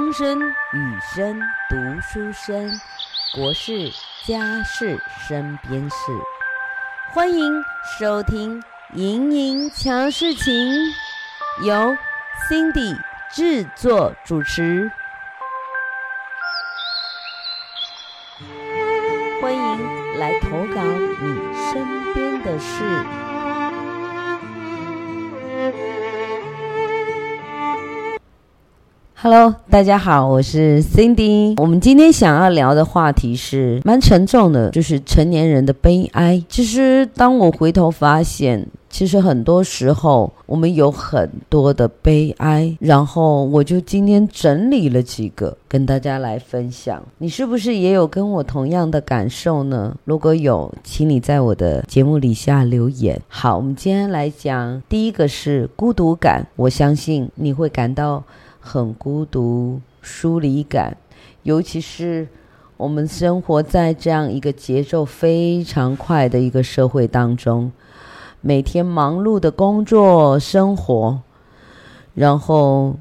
風聲雨聲讀書聲，國事家事身邊事。歡迎收聽《瑩瑩瞧事情》，由 Cindy 製作主持。歡迎來投稿你身邊的事。Hello，大家好，我是 Cindy。我們今天想要聊的話題是蠻沉重的，就是成年人的悲哀。其實當我回頭發現，其實很多時候我們有很多的悲哀。然後我就今天整理了幾個跟大家來分享。你是不是也有跟我同樣的感受呢？如果有，請你在我的節目底下留言。好，我們今天來講第一個是孤獨感。我相信你會感到。很孤獨、疏離感，尤其是我們生活在這樣一個節奏非常快的一個社會當中，每天忙碌的工作生活，然後。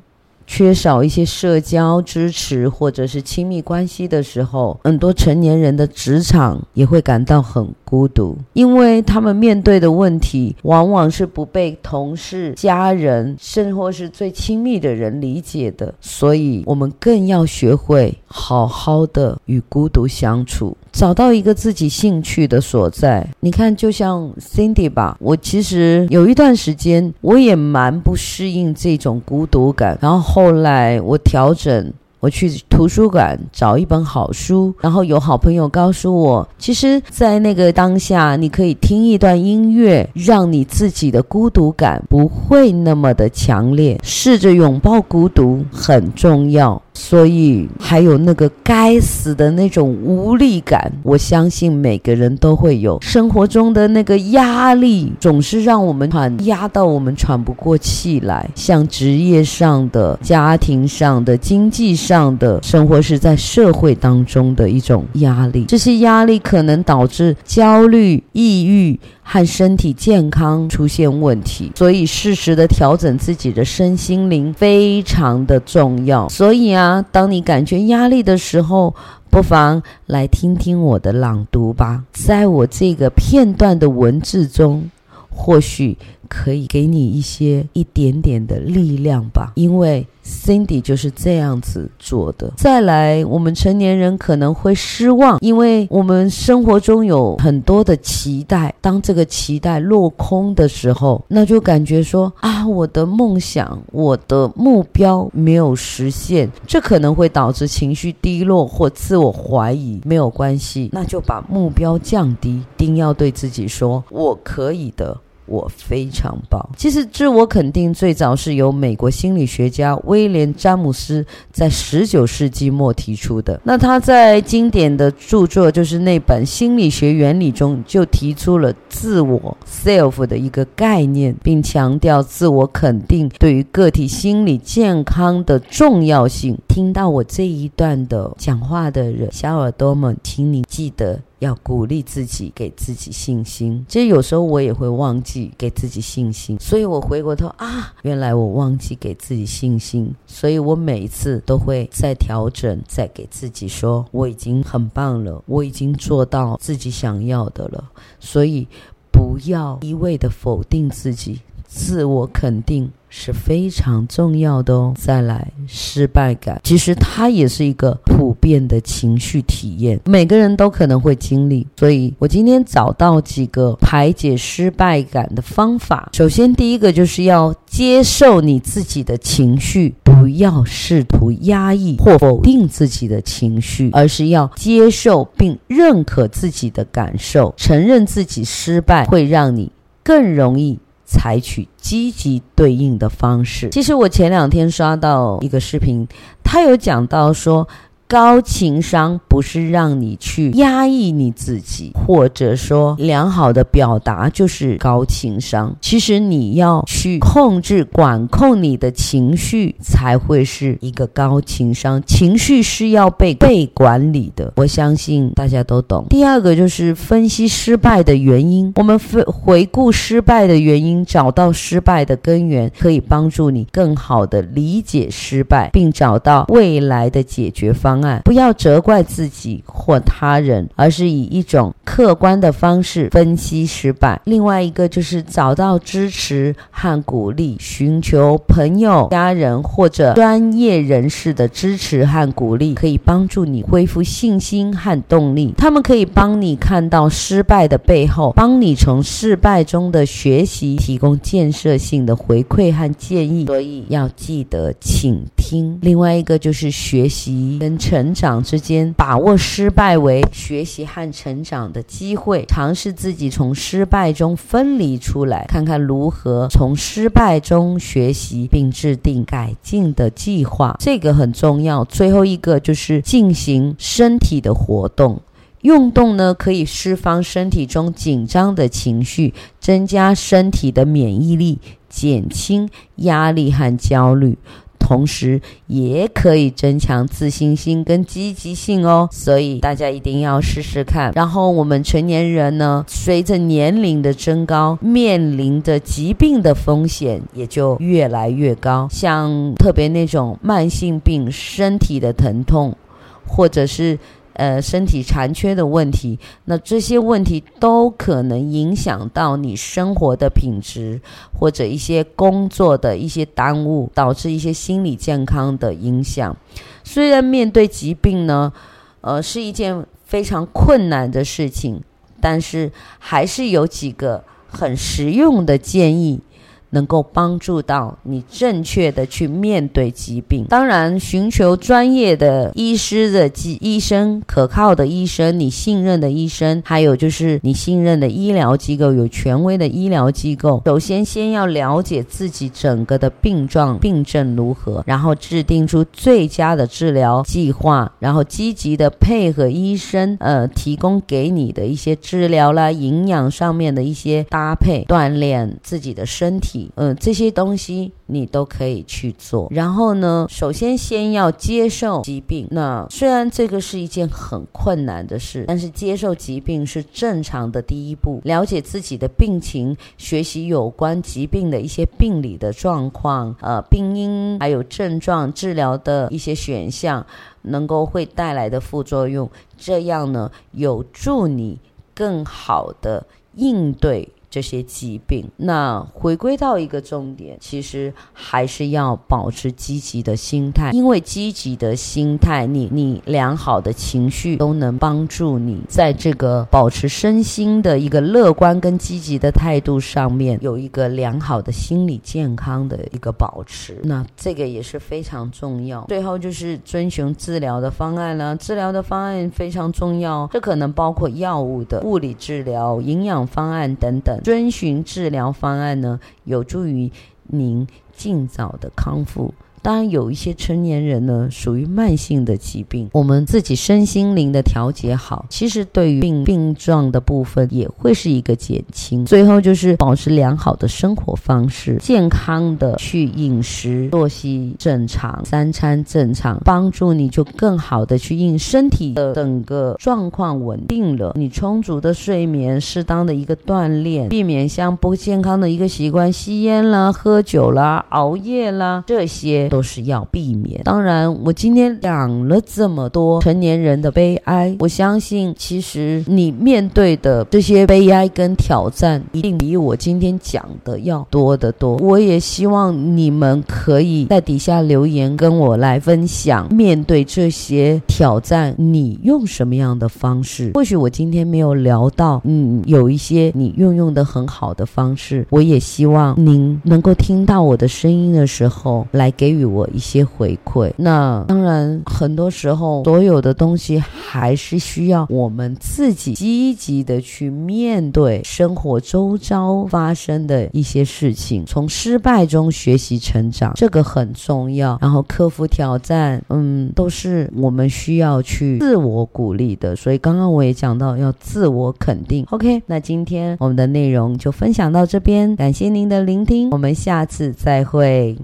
缺少一些社交支持或者是親密關係的時候，很多成年人的職場也會感到很孤獨，因為他們面對的問題往往是不被同事、家人，甚或是最親密的人理解的。所以，我們更要學會好好的與孤獨相處。找到一個自己興趣的所在，你看，就像 Cindy 吧，我其實有一段時間我也蠻不適應這種孤獨感，然後後來我調整，我去圖書館找一本好書，然後有好朋友告訴我，其實，在那個當下，你可以聽一段音樂，讓你自己的孤獨感不會那麼的強烈，試着擁抱孤獨很重要。所以，還有那個該死的那種無力感，我相信每個人都會有。生活中的那個壓力，總是讓我們喘壓到我們喘不過氣來，像職業上的、家庭上的、經濟上的、生活是在社會當中的一種壓力，這些壓力可能導致焦慮、抑鬱。和身體健康出現問題，所以適時的調整自己的身心靈非常的重要。所以啊，當你感覺壓力的時候，不妨來聽聽我的朗讀吧。在我這個片段的文字中，或許可以給你一些一點點的力量吧，因為。Cindy 就是這樣子做的。再來，我們成年人可能會失望，因為我們生活中有很多的期待，當這個期待落空的時候，那就感覺說啊，我的夢想、我的目標沒有實現，這可能會導致情緒低落或自我懷疑。沒有關係，那就把目標降低，一定要對自己說，我可以的。我非常棒。其實，自我肯定最早是由美國心理學家威廉·詹姆斯在19世紀末提出的。那他在經典的著作，就是那本《心理學原理》中，就提出了自我 （self） 的一個概念，並強調自我肯定對於個體心理健康的重要性。聽到我這一段的講話的人，小耳朵們，請你記得。要鼓勵自己，給自己信心。其實有時候我也會忘記給自己信心，所以我回過頭啊，原來我忘記給自己信心，所以我每一次都會再調整，再給自己說，我已經很棒了，我已經做到自己想要的了，所以不要一味的否定自己，自我肯定。是非常重要的哦。再來，失敗感其實它也是一個普遍的情緒體驗，每個人都可能會經歷。所以我今天找到幾個排解失敗感的方法。首先，第一個就是要接受你自己的情緒，不要試圖壓抑或否定自己的情緒，而是要接受並認可自己的感受，承認自己失敗會讓你更容易採取積極對應的方式。其實我前兩天刷到一個視頻，他有講到說，高情商不是讓你去壓抑你自己，或者說良好的表達就是高情商。其實你要去控制、管控你的情緒，才會是一個高情商。情緒是要被被管理的，我相信大家都懂。第二個就是分析失敗的原因，我們分回顧失敗的原因，找到失敗的根源，可以幫助你更好的理解失敗，並找到未來的解決方。不要責怪自己或他人，而是以一種客觀的方式分析失敗。另外一個就是找到支持和鼓勵，尋求朋友、家人或者專業人士的支持和鼓勵，可以幫助你恢復信心和動力。他們可以幫你看到失敗的背後，幫你從失敗中的學習，提供建設性的回饋和建議。所以要記得傾聽。另外一個就是學習跟成。成長之間，把握失敗為學習和成長的機會，嘗試自己從失敗中分離出來，看看如何從失敗中學習，並制定改進的計劃。這個很重要。最後一個就是進行身體的活動，運動呢可以釋放身體中緊張的情緒，增加身體的免疫力，減輕壓力和焦慮。同時也可以增強自信心跟積極性哦，所以大家一定要試試看。然後我們成年人呢，隨着年齡的增高，面臨著疾病的風險也就越來越高，像特別那種慢性病，身體的疼痛，或者是。呃，身體殘缺的問題，那這些問題都可能影響到你生活的品質，或者一些工作的一些耽誤，導致一些心理健康的影響。雖然面對疾病呢，呃，是一件非常困難的事情，但是還是有幾個很實用的建議。能夠幫助到你正確的去面對疾病。當然，尋求專業的醫師的即醫生，可靠的醫生，你信任的醫生，還有就是你信任的醫療機構，有權威的醫療機構。首先，先要了解自己整個的病狀、病症如何，然後制定出最佳的治療計劃，然後積極的配合醫生，呃，提供給你的一些治療啦、營養上面的一些搭配、鍛鍊自己的身體。嗯、呃，這些東西你都可以去做。然後呢，首先先要接受疾病。那雖然這個是一件很困難的事，但是接受疾病是正常的第一步。了解自己的病情，學習有關疾病的一些病理的狀況、呃，病因、還有症狀、治療的一些選項，能夠會帶來的副作用，這樣呢，有助你更好的應對。這些疾病，那回歸到一個重點，其實還是要保持積極的心態，因為積極的心態，你你良好的情緒都能幫助你在這個保持身心的一個樂觀跟積極的態度上面有一個良好的心理健康的一個保持，那這個也是非常重要。最後就是遵循治療的方案了，治療的方案非常重要，這可能包括藥物的、物理治療、營養方案等等。遵循治療方案呢，有助於您盡早的康復。當然，有一些成年人呢，屬於慢性的疾病，我們自己身心靈的調節好，其實對於病病狀的部分也會是一個減輕。最後就是保持良好的生活方式，健康的去飲食，作息正常，三餐正常，幫助你就更好的去應身體的整個狀況穩定了。你充足的睡眠，適當的一個鍛鍊，避免像不健康的一個習慣，吸菸啦、喝酒啦、熬夜啦這些。都是要避免。當然，我今天講了這麼多成年人的悲哀，我相信其實你面對的這些悲哀跟挑戰，一定比我今天講的要多得多。我也希望你們可以在底下留言跟我來分享，面對這些挑戰，你用什麼樣的方式？或許我今天沒有聊到，嗯，有一些你運用，用的很好的方式，我也希望您能夠聽到我的聲音的時候，來給予。我一些回饋，那當然，很多時候所有的東西還是需要我們自己積極的去面對生活周遭發生的一些事情，從失敗中學習成長，這個很重要。然後克服挑戰，嗯，都是我們需要去自我鼓勵的。所以剛剛我也講到要自我肯定。OK，那今天我們的內容就分享到這邊，感謝您的聆聽，我們下次再會。